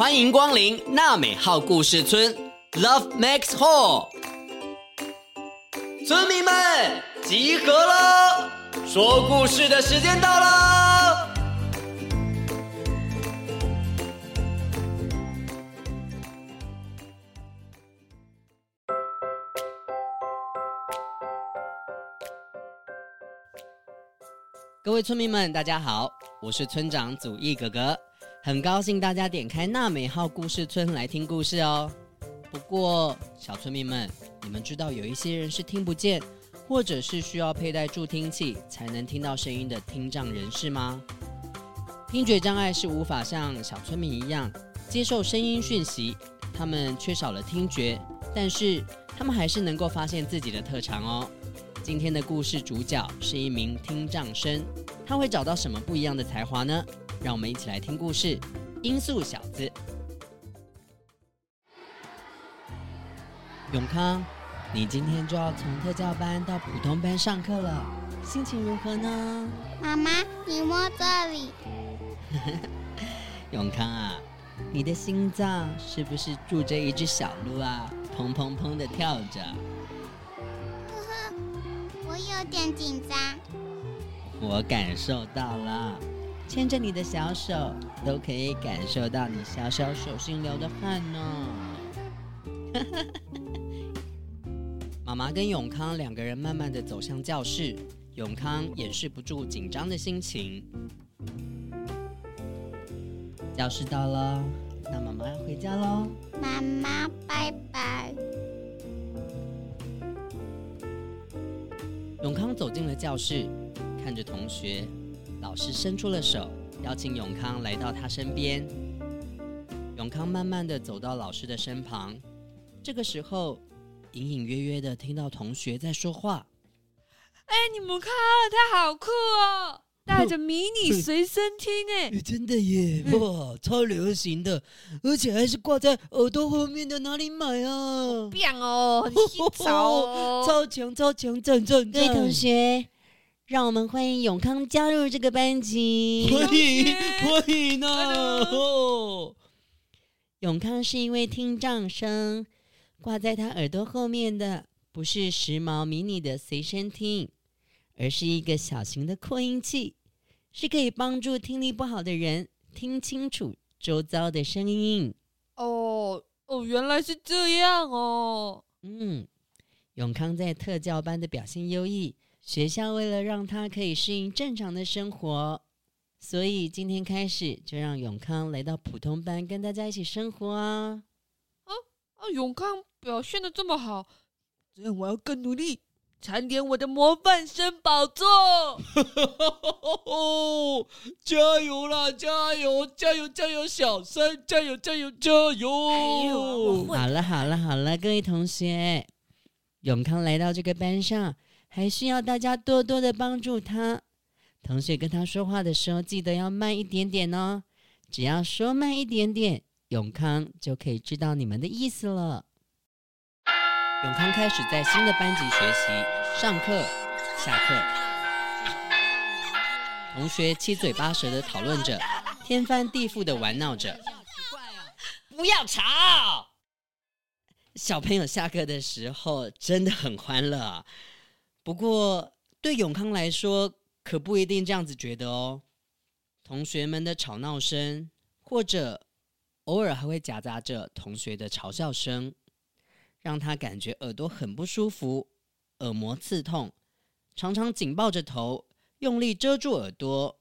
歡迎光臨納美號故事村，Love makes whole，村民們集合了，說故事的時間到啦！各位村民們，大家好，我是村長祖逸哥哥。很高興大家點開納美號故事村來聽故事哦。不過，小村民們，你們知道有一些人是聽不見，或者是需要佩戴助聽器才能聽到聲音的聽障人士嗎？聽覺障礙是無法像小村民一樣接受聲音訊息，他們缺少了聽覺，但是他們還是能夠發現自己的特長哦。今天的故事主角是一名聽障生，他會找到什麼不一樣的才華呢？讓我們一起來聽故事《音速小子》。永康，你今天就要從特教班到普通班上課了，心情如何呢？媽媽，你摸這裡。 永康啊，你的心臟是不是住着一隻小鹿啊？砰砰砰的跳着。呵呵，我有點緊張。我感受到了。牽着你的小手，都可以感受到你小小手心流的汗呢、哦。 媽媽跟永康兩個人慢慢地走向教室，永康掩飾不住緊張的心情。教室到了，那媽媽要回家嘍。媽媽拜拜。永康走進了教室，看着同學。老師伸出了手，邀請永康來到他身邊。永康慢慢的走到老師的身旁，這個時候，隱隱約約的聽到同學在說話：“哎、欸，你們看了，他好酷哦、喔，帶着迷你隨身聽哎、欸欸，真的耶，哇，超流行的，而且還是掛在耳朵後面的，哪裡買啊？變哦、喔，很潮哦、喔，超強，超強，讚讚，各位同學。”讓我們歡迎永康加入這個班級。歡迎， 歡迎呢、啊、哦。永康是一位聽障生，掛在他耳朵後面的不是時髦迷你的隨身聽，而是一個小型的擴音器，是可以幫助聽力不好的人聽清楚周遭的聲音。哦哦，原來是這樣哦。嗯，永康在特教班的表現優異。學校為了讓他可以適應正常的生活，所以今天開始就讓永康來到普通班跟大家一起生活啊！啊，啊永康表現得這麼好，所以我要更努力，盤點我的模範生寶座！ 加油啦！加油！加油！加油！小三，加油！加油！加油！哎、好了好了好了，各位同學，永康來到這個班上。還需要大家多多的幫助他。同學跟他說話的時候，記得要慢一點點哦。只要說慢一點點，永康就可以知道你們的意思了。永康開始在新的班級學習，上課、下課， 同學七嘴八舌的討論着，天翻地覆的玩鬧着。 不要吵！小朋友下課的時候真的很歡樂。不過，對永康來說，可不一定這樣子覺得哦。同學們的吵鬧聲，或者偶爾還會夾雜着同學的嘲笑聲，讓他感覺耳朵很不舒服，耳膜刺痛，常常緊抱着頭，用力遮住耳朵。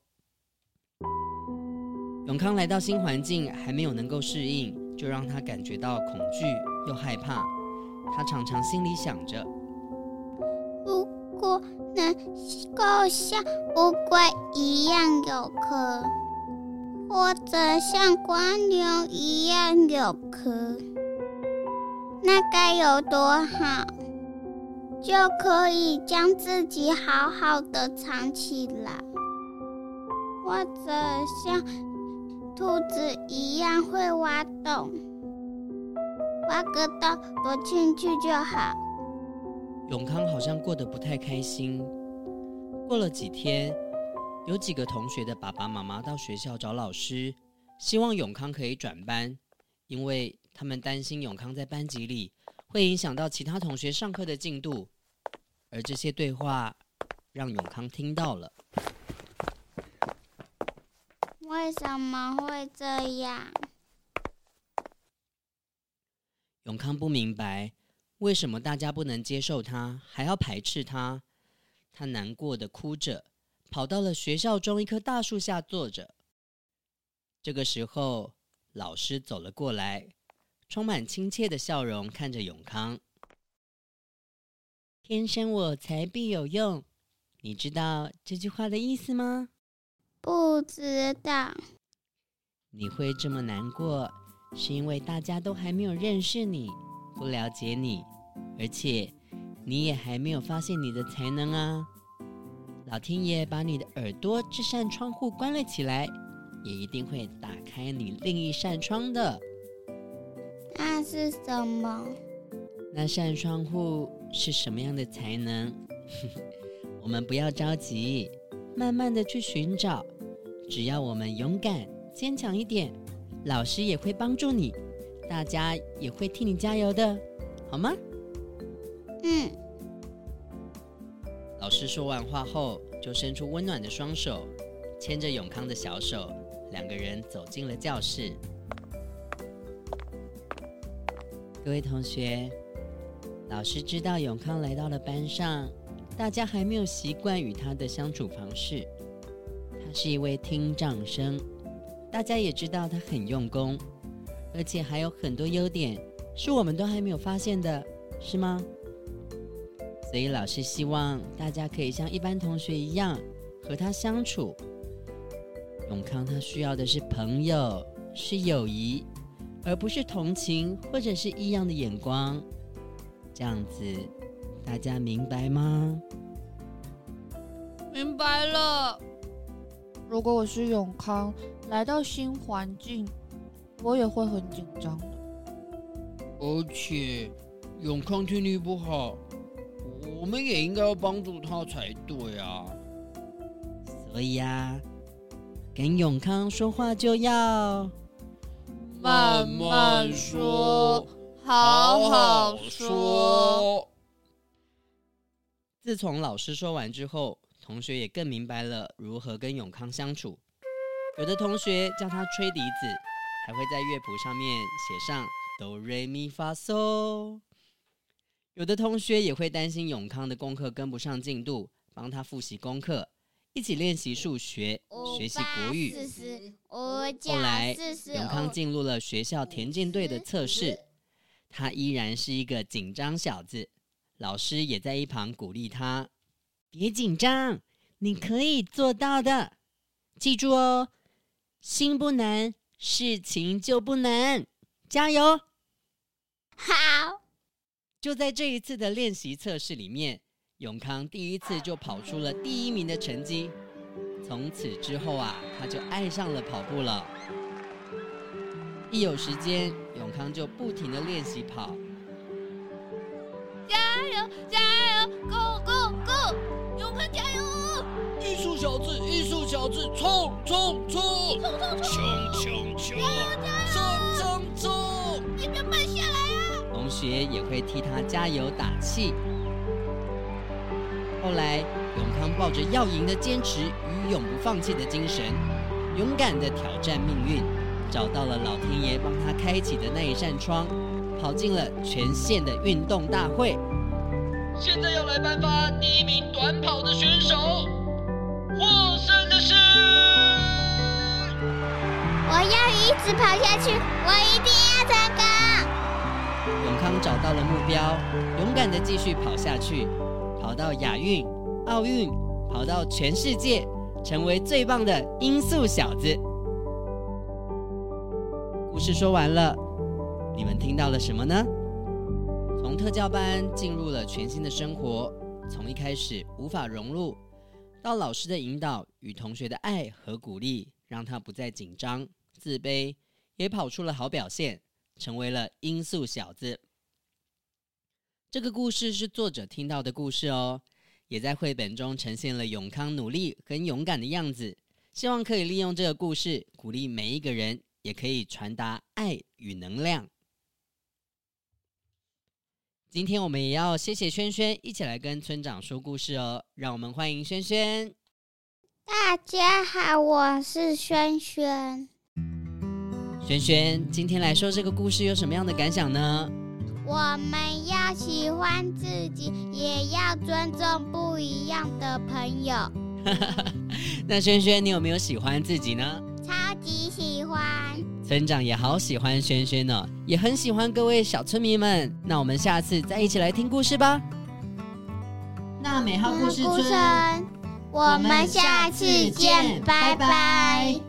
永康來到新環境還沒有能夠適應，就讓他感覺到恐懼又害怕。他常常心裡想着。如果能夠像烏龜一樣有殼，或者像蝸牛一樣有殼，那該有多好，就可以將自己好好的藏起來。或者像兔子一樣會挖洞，挖個洞躲進去就好。永康好像過得不太開心。過了幾天，有幾個同學的爸爸媽媽到學校找老師，希望永康可以轉班，因為他們擔心永康在班級裡會影響到其他同學上課的進度。而這些對話讓永康聽到了。為什麼會這樣？永康不明白。為什麼大家不能接受他，還要排斥他？他難過的哭着，跑到了學校中一棵大樹下坐着。這個時候，老師走了過來，充滿親切的笑容看着永康。天生我材必有用，你知道這句話的意思嗎？不知道。你會這麼難過，是因為大家都還沒有認識你。不了解你，而且你也還沒有發現你的才能啊！老天爺把你的耳朵這扇窗戶關了起來，也一定會打開你另一扇窗的。那是什麼？那扇窗戶是什麼樣的才能？ 我們不要着急，慢慢的去尋找。只要我們勇敢，堅強一點，老師也會幫助你。大家也會替你加油的，好嗎？嗯。老師說完話後，就伸出溫暖的雙手，牽着永康的小手，兩個人走進了教室。各位同學，老師知道永康來到了班上，大家還沒有習慣與他的相處方式。他是一位聽障生，大家也知道他很用功。而且還有很多優點，是我們都還沒有發現的，是嗎？所以老師希望大家可以像一般同學一樣和他相處。永康他需要的是朋友，是友誼，而不是同情或者是異樣的眼光。這樣子，大家明白嗎？明白了。如果我是永康，來到新環境。我也會很緊張的，而且永康聽力不好，我們也應該要幫助他才對啊。所以啊，跟永康說話就要慢慢說，慢慢說，好好說。自從老師說完之後，同學也更明白了如何跟永康相處。有的同學叫他吹笛子。還會在樂譜上面寫上哆瑞咪發嗦。有的同學也會擔心永康的功課跟不上進度，幫他複習功課，一起練習數學，學習國語。後來，永康進入了學校田徑隊的測試，他依然是一個緊張小子。老師也在一旁鼓勵他：“別緊張，你可以做到的。記住哦，心不難。”事情就不能加油，好！就在這一次的練習測試裡面，永康第一次就跑出了第一名的成績。從此之後啊，他就愛上了跑步了。一有時間，永康就不停的練習跑。加油，加油，Go Go Go！永康加油！小子，音速小子，衝冲衝！衝冲衝！衝冲衝！衝冲衝要要加油你慢下來啊！同學也會替他加油打氣。後來，永康抱着要贏的堅持與永不放棄的精神，勇敢的挑戰命運，找到了老天爺幫他開啟的那一扇窗，跑進了全縣的運動大會。現在要來頒發第一名短跑的選手。跑下去，我一定要成功！永康找到了目標，勇敢地繼續跑下去，跑到亞運、奧運，跑到全世界，成為最棒的音速小子。故事說完了，你們聽到了什麼呢？從特教班進入了全新的生活，從一開始無法融入，到老師的引導與同學的愛和鼓勵，讓他不再緊張，自卑，也跑出了好表現，成為了音速小子。這個故事是作者聽到的故事哦，也在繪本中呈現了永康努力很勇敢的樣子。希望可以利用這個故事鼓勵每一個人，也可以傳達愛與能量。今天我們也要謝謝萱萱一起來跟村長說故事哦，讓我們歡迎萱萱。大家好，我是萱萱。萱萱，今天來說這個故事有什麼樣的感想呢？我們要喜歡自己，也要尊重不一樣的朋友。 那萱萱，你有沒有喜歡自己呢？超級喜歡！村長也好喜歡萱萱呢，哦，也很喜歡各位小村民們。那我們下次再一起來聽故事吧。納美號故事村，我們，故事村我們下次見，拜拜。拜拜